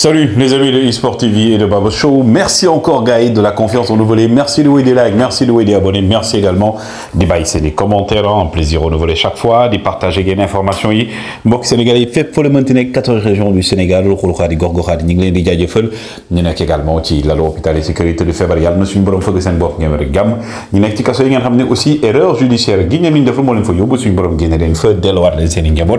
Salut les amis de eSport TV et de Babo Show. Merci encore Gaïd de la confiance renouvelée. Merci de vous des likes, merci de vous des abonnés, merci également des bails et des commentaires. Un plaisir renouvelé chaque fois, de partager des informations. Moi Mbok Sénégalais, fait pour le maintenir quatre régions du Sénégal, le Khouloukhadi, Gorgokhadi, Ninglen, Dija Djefel. Nous sommes également qui la loi hôpital et sécurité de février. Nous sommes bonnes fois que c'est un bon gamme. Nous sommes qui sont ramenés aussi erreur judiciaire. Guinée mine de feu, nous sommes bonnes fois Guinée d'un feu, dès lors les Sénégalais.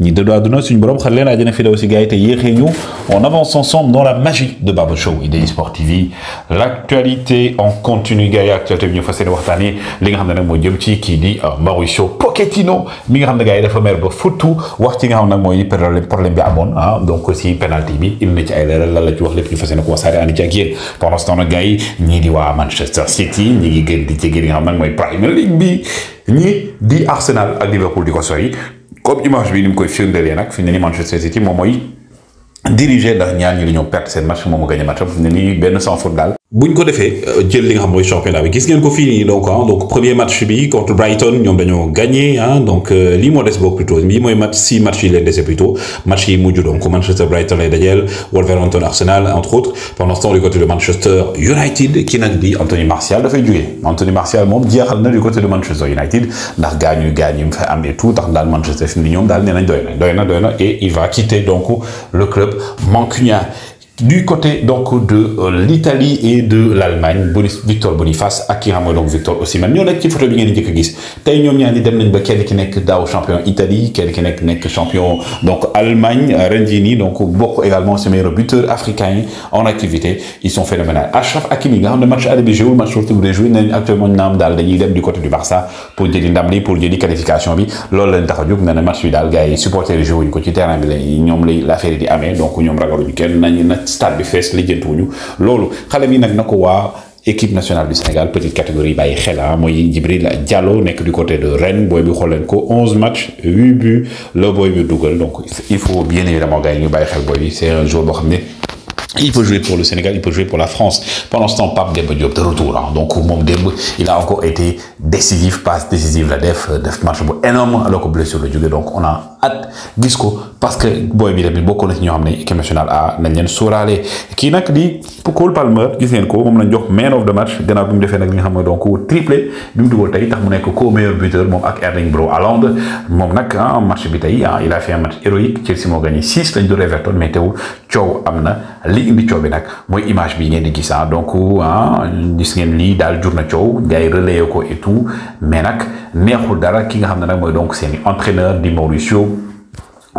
Nous devons nous sommes bonnes fois que l'on a aussi Gaïd et Yéhénou. On avance avance ensemble dans la magie de Babo Show et des Sport TV. L'actualité en continu, Gaïa, actualité bien facile waxtané li nga xamné nak moy jëm ci ki di Mauricio Pochettino mi nga xamné gaay dafa mer ba futu wax ci nga xamné nak moy problème problème bi amone hein ah. donc aussi penalty bi il na ci ay leral la la ci wax lepp ñu fassé nak wassaré andi ci ak yeen pendant ce temps nak gaay ñi di wa Manchester City ni ngi gën di ci gën nga xamné Premier League bi ñi di Arsenal ak Liverpool di ko sori comme image bi ni mu koy firndelee nag fi ni Manchester City moom mooy diriger ndax ñaar ñi dañoo perte seen match moom mu gagné match am ne nii benn sans faute daal buñ fait ko defee euh, jël li nga xam moy championnat bi gis ngeen ko fini donc ah, donc premier match bi contre Brighton ñom dañu gagné hein donc euh, lii plutôt il plutôt a moy match matchs match yi leen plutôt match yi mujj donc Manchester Brighton lay dajel Wolverhampton Arsenal entre autres pendant ce temps du côté de Manchester United qui nak di Anthony Martial fay jouer Anthony Martial mom y na du côté de Manchester United ndax gañu gañu fa tout tax dal Manchester fi ñom dal nénañ doyna doyna et il va quitter donc le club mancunien. Du côté donc de euh, l'Italie et de l'Allemagne Victor Boniface ak donc Victor aussi, ñoo nekk ci photo bi ngeen di njëkk a gis tay ñom ñaar ni dem nañ ba kenn ki nek daaw champion Italie kenn ki nek champion donc Allemagne Rendini donc bokk également ses meilleurs buteurs africains en activité ils sont phénoménales Achraf Hakimi nga le match ADB bi le match retour bi joué nañ actuellement ñu dal daal dañuy dem du côté du Barça pour jëli ndam li pour jëli qualification bi loolu lañ tax a jóg match bi dal gars yi supporters joué ko ci terrain bi la ñoom lay l'affaire di amé donc ñoom kenn nañ stade bi fees lijjanti wuñu loolu xale bi nag na ko waa équipe nationale du Sénégal petite catégorie bàyyi xel ah mooy Djibril Diallo nekk du côté de Rennes booy bi ko 11 matchs 8 buts la booy bi dugal donc il faut bien évidemment gagner le ñu bàyyi xel c'est un joueur boo il peut jouer pour le Sénégal, il peut jouer pour la France. Pendant ce temps, Pape Demba Diop de retour. Hein. Donc, Moum Demba, il a encore été décisif, passe décisive, la def, euh, def match énorme, alors que blessure le Djougué. Donc, on a hâte, disco, parce que, boy, bi tamit beaucoup de ci ñoo xam ne équipe nationale a nañ leen sóoraale. kii nag di Cole Palmer, gis ngeen ko, moom lañ jox man of the match, gannaaw bi mu fait nag li donc triplé, Il mu dugal tey tax mu meilleur buteur, moom ak Erling Bro à Londres. nag, hein, match bi tey, ah, il a fait un match héroïque, Chelsea a gagné 6, lañ doon Everton, mais teewul, coow am li indi coow bi nag mooy image bi ngeen di gis ah donc ah gis lii daal jur na coow gars yi ko et mais nag neexul dara ki nga xam ne nag mooy donc seeni entraîneur di Mauricio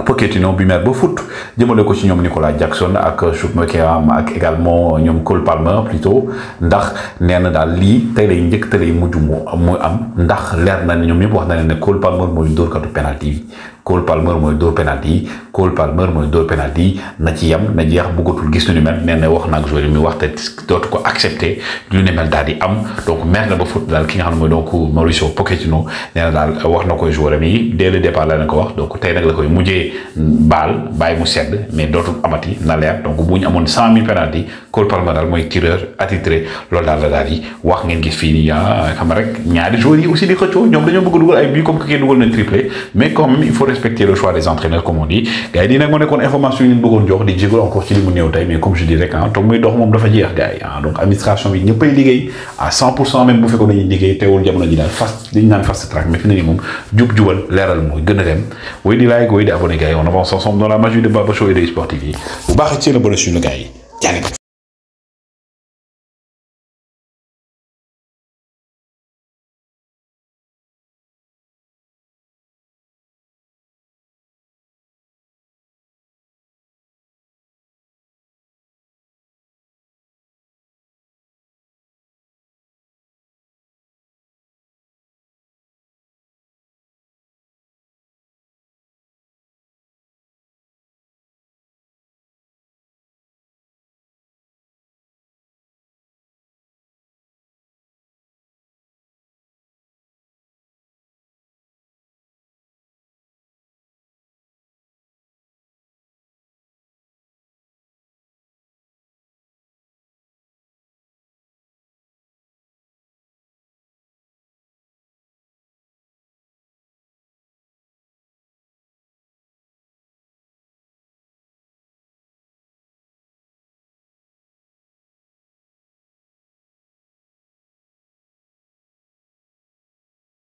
Pochettino bi mer ba foot jëmale ko ci ñoom Nicolas Jackson ak Choupo-Moting ak également ñoom Cole Palmer plutôt ndax neen na daal lii tey lay njëkk tey lay mujj mu muy am ndax leer na ne ñoom ñëpp wax na ne ne Cole Palmer mooy dóorkatu penalty yi Cole Palmer mooy dóor penalty Cole Palmer mooy dóor penalty na ci yam na jeex bëggatul gis lu ni mel nee na wax na ak joueur yi wax te dootu ko accepté lu ni mel daal di am donc mer na ba foot daal ki nga xam ne mooy donc Mauricio Pochettino nee na daal wax na koy joueur mi dès le départ la na ko wax donc tey nag la koy mujjee baal bàyyi mu sedd mais dootul amati na leer donc buñ ñu amoon cent mille penalty Cole Palmer daal mooy tireur attitré loolu daal la daal di wax ngeen gis fii nii ah, xam rek ñaari joueurs yi aussi di xëccoo ñoom dañoo bëgg dugal ay buts comme que kii dugal na triplé mais quand même il faut respecter le choix des entraîneurs comme on dit gars yi nii nag moo information yi ñu bëggoon jox di jégalu encore ci limu mu tay mais comme je dis rek ah toog muy dox mom dafa jeex gars yi ah, donc administration bi ñeppay liggéey à 100 même bu fekkoon dañuy liggéey teewul jamono ji dal fast li ñu fast track mais fi ni mom jub jubal leeral mooy gëna a dem woy di like way di abonné gars yi on avance ensemble dans la magie de Baba Show et des Sport bu baax ci le bonus ñu gars yi jaaneko